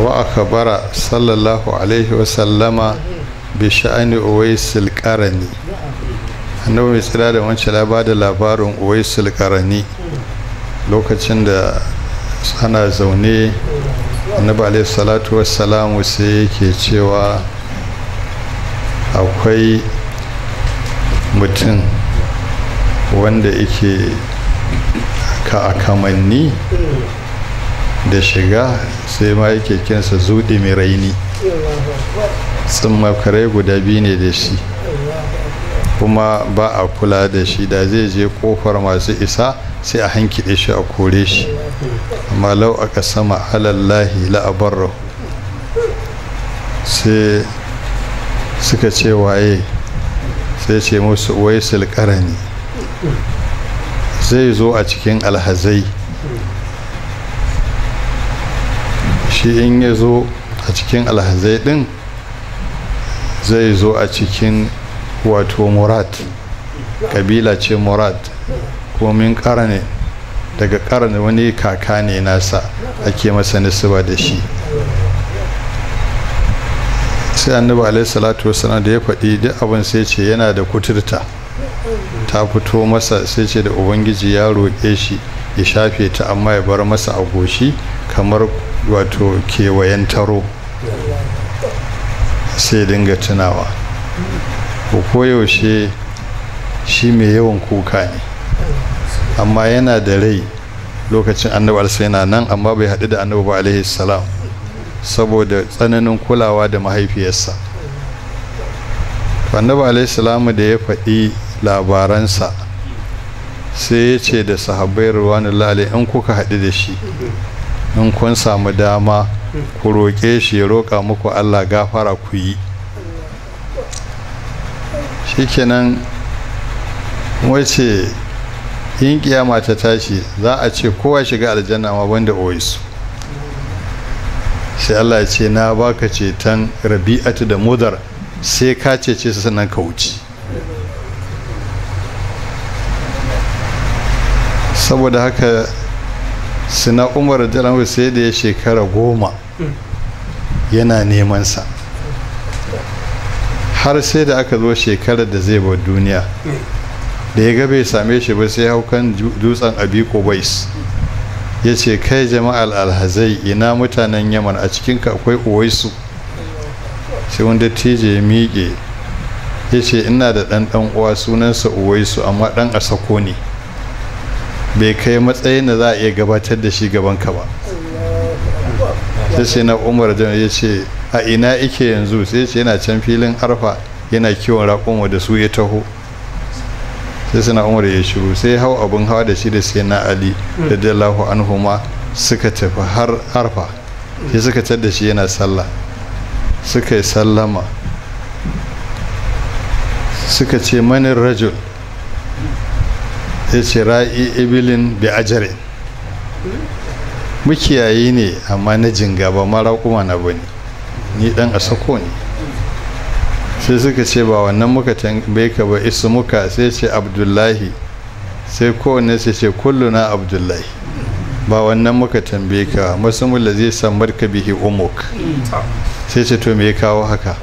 وأخبر صلى الله عليه وسلم بشأن أويس القرني annabi mai tsira da wancan labada labarin uwaisul karani lokacin da ana zaune annabi alaihi salatu wa wassalamu sai yake cewa akwai mutum wanda yake ka akamanni da shiga sai ma yake kinsa zuɗi mai raini makarai guda biyu ne da shi kuma ba a kula da shi da zai je kofar masu isa sai a hankide shi a kore shi amma lau aka sama alallahi la'abarra sai suka ce waye sai ce musu waisul karani zai zo a cikin alhazai shi in ya zo a cikin alhazai din zai zo a cikin wato murad kabila ce murat komin ne daga karane wani kaka ne nasa ake masa nisba da shi sai annabi alaihi salatu wasallam da ya faɗi duk abin sai ce yana da kuturta ta fito masa sai ce da ubangiji ya roƙe shi ya shafe ta amma ya bar masa a goshi kamar wato kewayen taro sai dinga tunawa ko koyaushe shi mai yawan kuka ne amma yana da rai lokacin annabi alisa yana nan amma bai haɗu da annabi ba alaihi salam saboda tsananin kulawa da mahaifiyarsa annabi alaihi salam da ya faɗi labaransa sai ya ce da sahabbai ruwanin lalai in kuka haɗu da shi in kun samu dama ku roƙe shi ya roƙa muku allah gafara ku yi shikenan wace yin kiyama ta tashi za a ce kowa shiga aljanna ma wanda su. sai allah ce na baka ceton rabi'atu da mudar sai ka ce su sannan ka wuce saboda haka suna umar da sai da ya shekara goma yana sa har sai da aka zo shekara da zai bar duniya da ya ga bai same shi ba sai haukan dutsen abiko bais ya ce kai jama'al alhazai ina mutanen yaman a cikinka akwai uwaisu sai wanda tije ya miƙe ya ce ina da ɗan uwa sunansa uwaisu amma ɗan a sako ne bai kai matsayin da za a iya gabatar da shi gaban ka ba sai na umar da ya ce a ina ike yanzu sai ce yana can filin arfa yana kiwon raƙon da su ya taho sai sai na umar ya shiru sai hau abin hawa da shi da sai na ali da an huma suka tafi har arfa sai suka tar da shi yana sallah suka yi sallama suka ce manin rajul ya ce ra'i ibilin bi ajare mukiyayi ne amma na jinga ba mara kuma na bane ni dan a sako ne sai suka ce ba wannan muka tambaye ka ba isu muka sai ce abdullahi sai kowane sai ce kulluna abdullahi ba wannan muka tambaye ka masu zai sambar ka bihi umuk sai ce to me ya kawo haka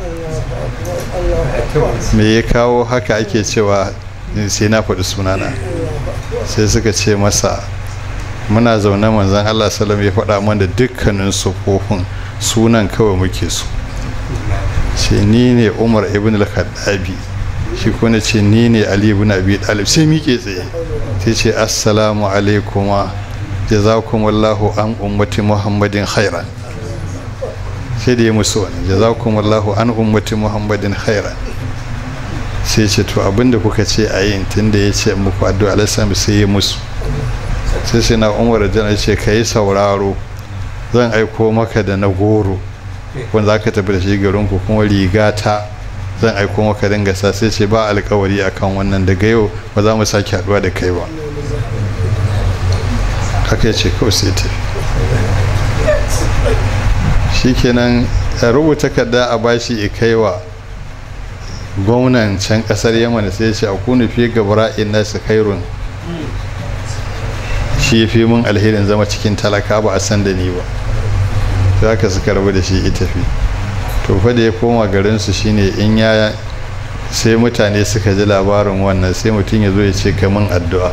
me ya kawo haka ake cewa sai na faɗi sunana sai suka ce masa muna zaune manzan Allah salam ya faɗa mana dukkanin sufofin sunan kawai muke su ce ni ne umar ibn al-khattabi shi kuma ce ni ne ali ibn abi talib sai miƙe tsaye sai ce assalamu alaikum jazakumullahu an ummati muhammadin khairan sai da ya musu wani jazakumullahu an ummati muhammadin khairan sai ce to abinda kuka ce a yin tun da ya ce muku addu'a alaihi sai ya musu sai sai na umar jana ce ka yi sauraro zan aiko maka da na goro wanda za ka tafi da shi garin ku kuma riga ta zan aiko maka dan gasa sai ce ba alkawari akan wannan daga yau ba za mu sake haduwa da kai ba haka ya ce kawai sai ta shi shikenan rubuta kada a bashi ikaiwa gwamnan can kasar yamma sai ce a kunu fi gabara na su kairun shi fi mun alherin zama cikin talaka ba a san da ni ba za ka su karbi da shi ita fi to fa da ya koma garin su shine in ya sai mutane suka ji labarin wannan sai mutum ya zo ya ce min addu'a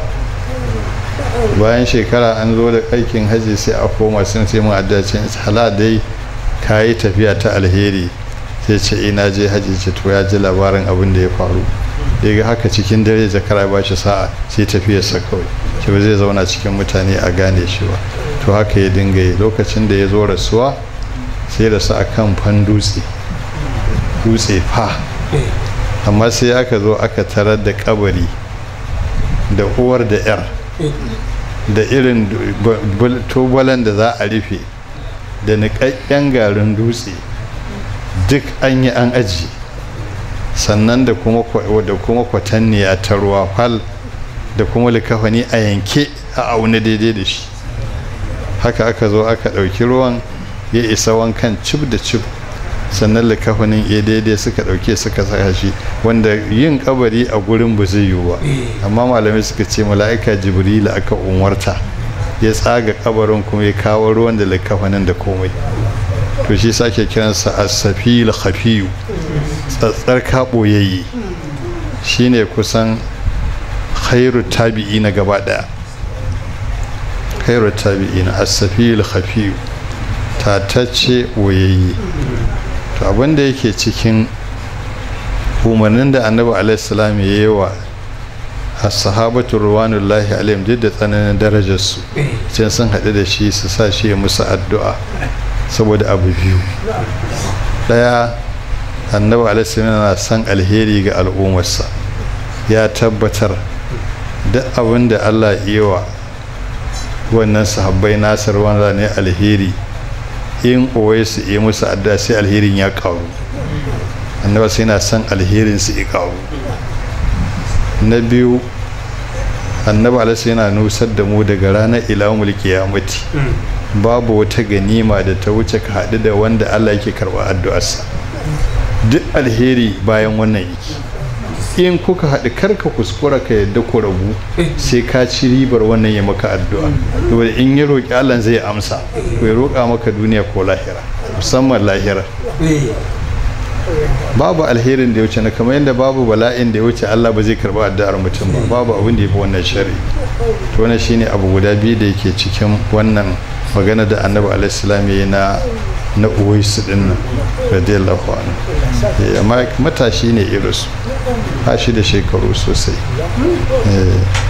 bayan shekara an zo da aikin haji sai a koma sun sai mun addu'a ce halal dai ka yi tafiya ta alheri sai ce ina eh, je haji ce to ya ji labarin abin da ya faru daga haka cikin dare zakara ba shi sa'a sai tafiyarsa kawai ce ba zai zauna cikin mutane a gane shi ba to haka ya dinga yi lokacin da ya zo rasuwa sai rasu a kan fan dutse dutse fa amma sai aka zo aka tarar da kabari da uwar da yar da irin tubalan da za a rufe da niƙaƙƙen garin dutse duk an yi an aji sannan da kuma da kuma kwatanniya ta fal da kuma likafani a yanke a auna daidai da shi haka aka zo aka ɗauki ruwan ya isa wankan cib da cib sannan likafanin ya daidai suka ɗauke suka saka shi wanda yin kabari a gurin ba zai yiwuwa eh. amma malamai suka ce mala'ika jibrila aka umarta ya tsaga kabarin kuma ya kawo ruwan da likafanin da komai to shi sake kiransa asafil khafiyu tsatsar yayi shine kusan khairu tabi'i na gaba daya khairu tabi'i na asafil khafiyu tatacce oyayi to abinda yake cikin umarnin da annabi alaihissalam ya yi wa sahabatu ruwanullahi alaihim duk da tsananin darajarsu sai sun haɗu da shi su sa shi musu addu'a saboda abu biyu daya annabi alaihi yana san alheri ga al'ummarsa ya tabbatar duk abin da Allah iya wannan sahabbai nasar wanda ne alheri in koye su yi musu adda sai alherin ya karu annaba sai na san alherin su ya karu na biyu annaba alaihi yana nusar da mu daga ranar ila mulki babu wata ganima da ta wuce ka haɗu da wanda Allah yake karɓa addu'arsa duk alheri bayan wannan yake in kuka haɗu karka kuskura ka yadda ku rabu sai ka ci ribar wannan ya maka addu'a saboda in ya roƙi Allah zai amsa ko ya roƙa maka duniya ko lahira musamman lahira babu alherin da ya wuce na kamar yadda babu bala'in da ya wuce Allah ba zai karɓa addu'ar mutum ba babu abin da ya fi wannan shari'a. to wannan shine abu guda biyu da yake cikin wannan magana da annabi alaihissalam ya yi na na su din nan radiyallahu anhu eh, amma matashi ne irinsu ba shi da shekaru sosai eh.